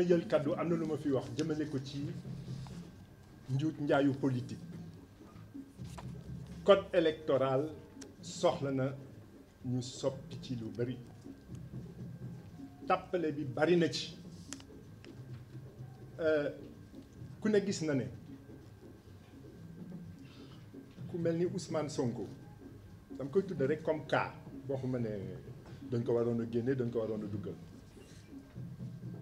may jël kàddu am na lu ma fi wax jëmale ko ci njuut njaayu politique code électoral soxla na ñu soppi ci lu bari tàppale bi bari na ci euh, ku ne gis na ne ku melni Ousmane Sonko dam koy tudde rek comme cas xuma ne dañ ko warono a dañ ko warono duggal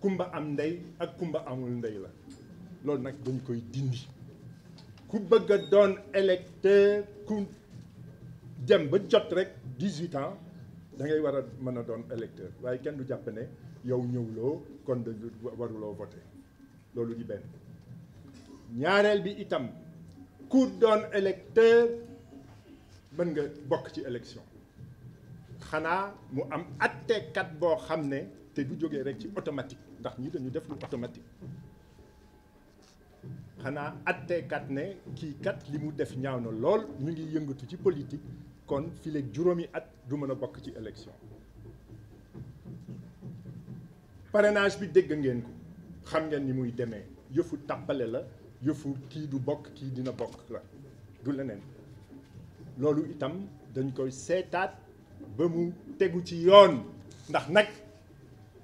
kumba am ndey ak kumba amul ndey la loolu nak dañ koy dindi ku bëgg doon électeur ku dem ba jot rek 18 ans da ngay war a mën a doon électeur waaye kenn du jàpp ne yow ñëwloo kon da waruloo voter loolu di benn ñaareel bi itam ku doon électeur mën nga bokk ci élection xanaa mu am attekat boo xam ne te du jógee rek ci automatique ndax ñi dañu def lu automatique atté kat né ki kat Limu def ñaawna lool mu ngi yëngatu ci politique kon fileeg juróomi at du mëna bokk ci élection parrainage bi dégg ngeen ko xam ngeen ni muy démé yëfu tàppale la yëfu ki du bokk ki dina bokk la du leneen loolu itam dañ koy sétat ba mu tegu ci yoon ndax nak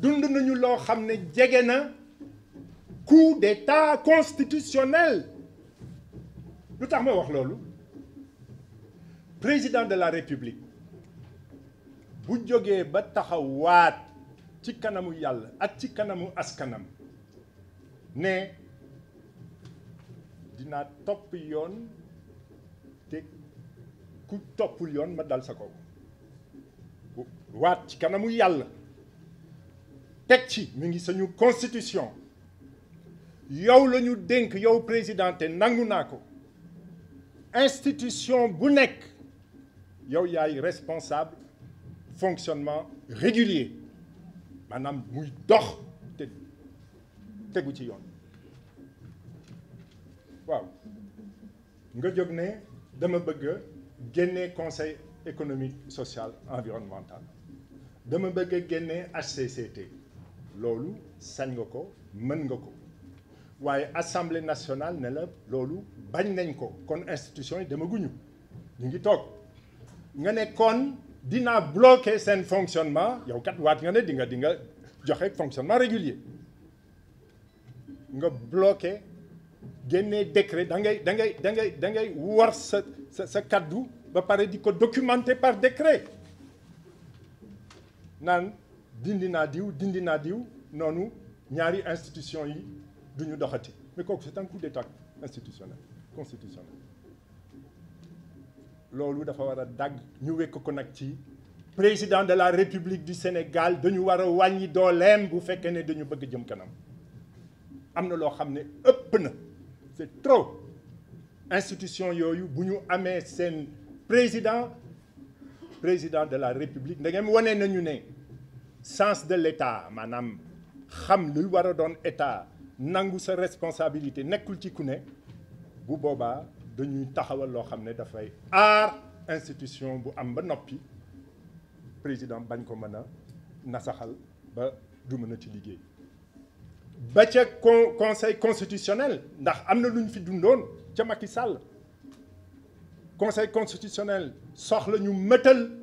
dund nañu lo xamné ne coup d'état constitutionnel lutax ma wax lolu président de la république bu jógee ba taxawat ci kanamu yalla ak ci kanamu askanam ne Dinatopion. top yoon madal ku topul yoon ma dal sa ci kanamu teg ci mu ngi suñu constitution yow la ñu yow président te nangu ko institution bu nekk yow yaay responsable fonctionnement régulier Madame muy dox te tegu ci yoon waaw nga jóg dama bëgg conseil économique social environnemental dama bëgg génne HCCT loolu san nga ko mën nga ko waaye assemblée nationale ne la loolu bañ nañ ko kon institution yi demaguñu ñu ngi toog nga ne kon dinaa bloquer seen fonctionnement yow kat waat nga ne di nga di nga joxe fonctionnement régulier nga bloquer génnee décret da ngay da ngay da ngay da ngay war sa sa sa kaddu ba pare di ko documenter par décret naan Dindinadio, dindinadio, diw dindi institutioni diw noonu ñaari institution yi du doxati mais kooku c'est un coup d'état institutionnel constitutionnel loolu dafa war d'ag ñu président de la république du Sénégal de war wara wàññi dolem, bu fekkee ne dañu bëgg jëm kanam lo c'est trop institution yo yu ñu amee sen président président de la république ndegem wane nañu sens de l'état Madame. xam luy war a état nangu sa responsabilité nekul ci ku bu boba dañuy taxawal lo xam da fay ar institution bu am ba nopi. président bagn ko mën nasaxal ba du mën ci liggéey ba ca conseil constitutionnel ndax amna na fi dundoon ca Macky Sall conseil constitutionnel soxla ñu Metal.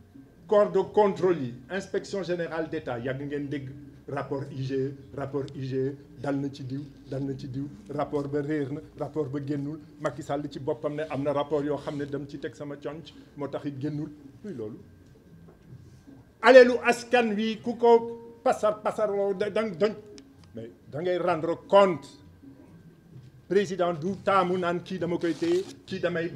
corps de contrôle inspection générale d'État. état yàgg ngeen dégg rapport IGE rapport IG, dal na ci diw dal ci diw rapport ba réer rapport ba génnul makissal Sall ci boppam ne rapport yo, xam ne dem ci teg sama conc moo tax it génnul luy loolu aleelu askan wi ku ko pasar pasarloo dang mais da ngay rendre compte président du taamu naan kii dama damay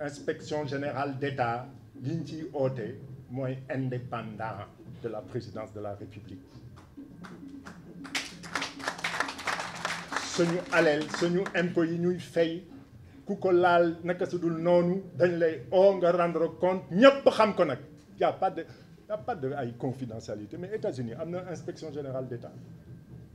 inspection générale d'État linti ñu ciy indépendant de la présidence de la république n'est pas suñu impôt yi ñuy fay ku ko laal naka su dul dañ lay nga rendre compte ñëpp xam ko nag y a pas de n'y a pas de confidentialité mais États-Unis am inspection générale d'État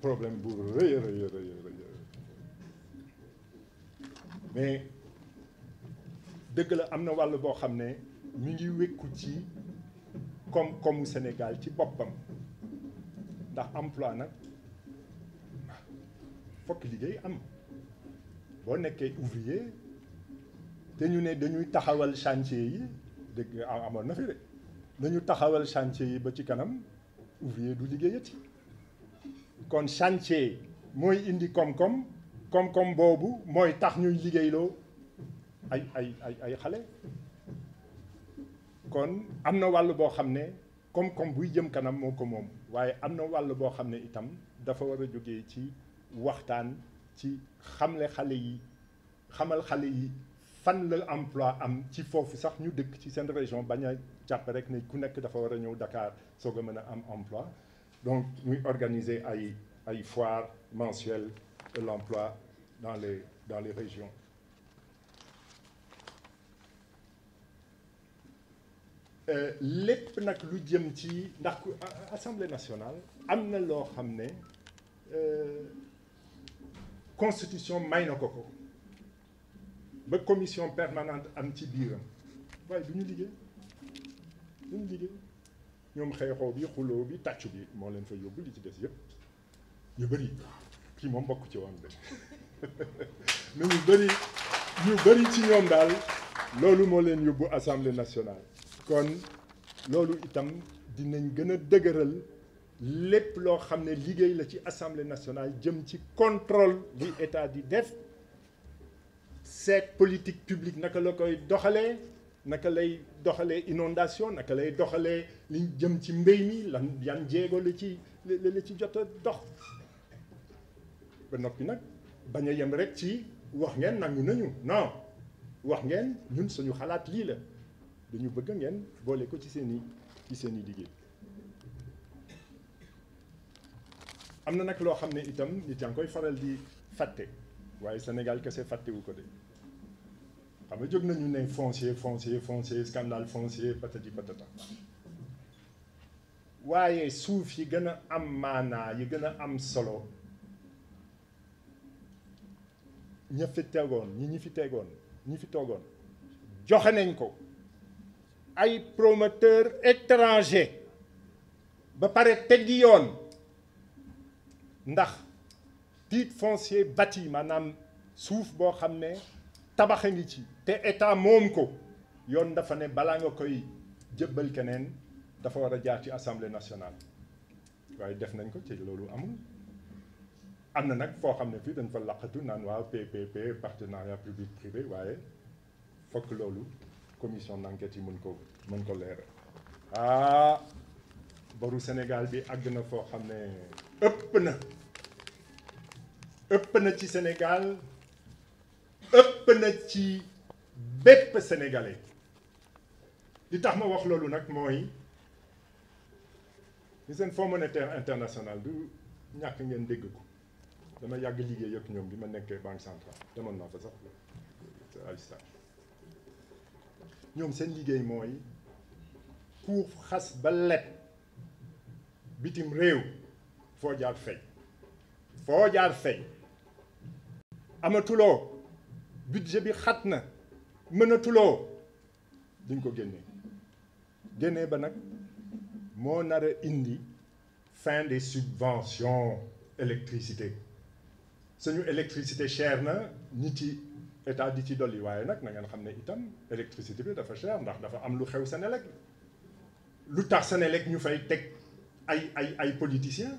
problème bourré, mais dëgg la am na wàll boo xam ne comme ngi wékku ci koom Sénégal ci boppam ndax emploi nag fokk liggéey am boo nekkee ouvrier te ñu ne dañuy taxawal chantier yi dëgg amon, na fi de dañu taxawal chantier yi ba ci kanam ouvrier du liggéeyati kon chantier mooy indi koom-koom koom boobu mooy tax ñuy liggéeyloo ay ay ay xale kon am na wàll boo xam ne koom-koom buy jëm kanam moo ko moom waaye am na wàll boo xam ne itam dafa war a jógee ci waxtaan ci xamle xale yi xamal xale yi fan la emploi am ci foofu sax ñu dëkk ci seen région bañ a jàpp rek ne ku nekk dafa war a ñëw dakaar soog a mën a am emploi Donc, nous organisons une foire mensuelle de l'emploi dans les, régions. Euh, L'Assemblée nationale a amené la constitution de la commission permanente anti ci Vous ñom xeexoo bi xulo bi tàccu bi mo leen fa yóbbu li ci dess yëpp ñu bari kii mom bokk ci woon de na ñu bëri ñu bëri ci ñom dal lolu mo leen yóbbu assemblée nationale. kon lolu itam dinañ gën a dëgëral lépp loo xam ne liggéey la ci assemblée nationale jëm ci contrôle bi état di def seet politique publique naka la koy doxalee naka lay doxalee inondation naka lay doxalee li jëm ci mbey mi lan yan jéego la ci la ci jot dox ba noppi nag bañ yem rek ci wax ngeen nangu nañu non wax ngeen ñun suñu xalaat li la dañu bëgg ngeen boole ko ci seen ci seen i amna nak lo nag itam nit yaa koy faral di fàtte waaye Sénégal kese wu ko de xam nga jóg foncier foncier foncier scandale foncier patati patata waaye suuf yi gën a yi gën a am solo ña fi ñi ñi fi tegoon ñi fi nañ ko ay promoteur étranger ba pare yoon ndax foncier bâti Madame Souf, tabax t'es ngi ci té état mom ko yon dafa né bala nga koy kenen dafa wara jaar ci assemblée nationale waaye def nañ ko ci lolu amul amna nak fo xamné fi dañ fa laqatu nan wa PPP partenariat public privé waye fokk lolu commission d'enquête yi mën ko mën ko ah boru Sénégal bi agne na foo ëpp na ëpp na ci Sénégal ëpp na ci bépp sénégalais li tax ma wax loolu nag mooy ñu seen fonds monétaire international du ñàkk ngeen dégg ko dama yàgg liggéey ak ñoom bi ma nekkee banque centrale demoon naa fa sax ay ñoom seen liggéey mooy pour xas ba leb bitim réew foo jaar fay foo jaar fay amatuloo budget bi xat na mënatuloo duñ ko génnee génnee ba nak mo indi fin des subventions électricité suñu électricité cher na niti état di ci doli waaye nak na ngeen xamné itam électricité bi dafa cher ndax dafa am lu xew Senelec lu tax Senelec ñu fay teg ay ay ay politiciens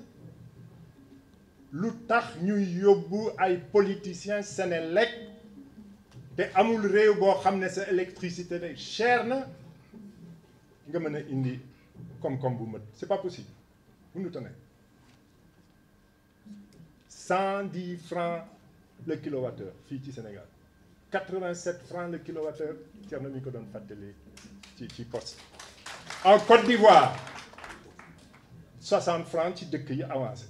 lu tax ñuy yobbu ay politiciens et amul vous boo xam sa électricité vous cher na nga indi pas possible Vous nous tenez. 110 francs le kilowattheure, Fiti Sénégal 87 francs le kilowattheure heure cher mi en Côte d'Ivoire 60 francs ci dëkk yi avancé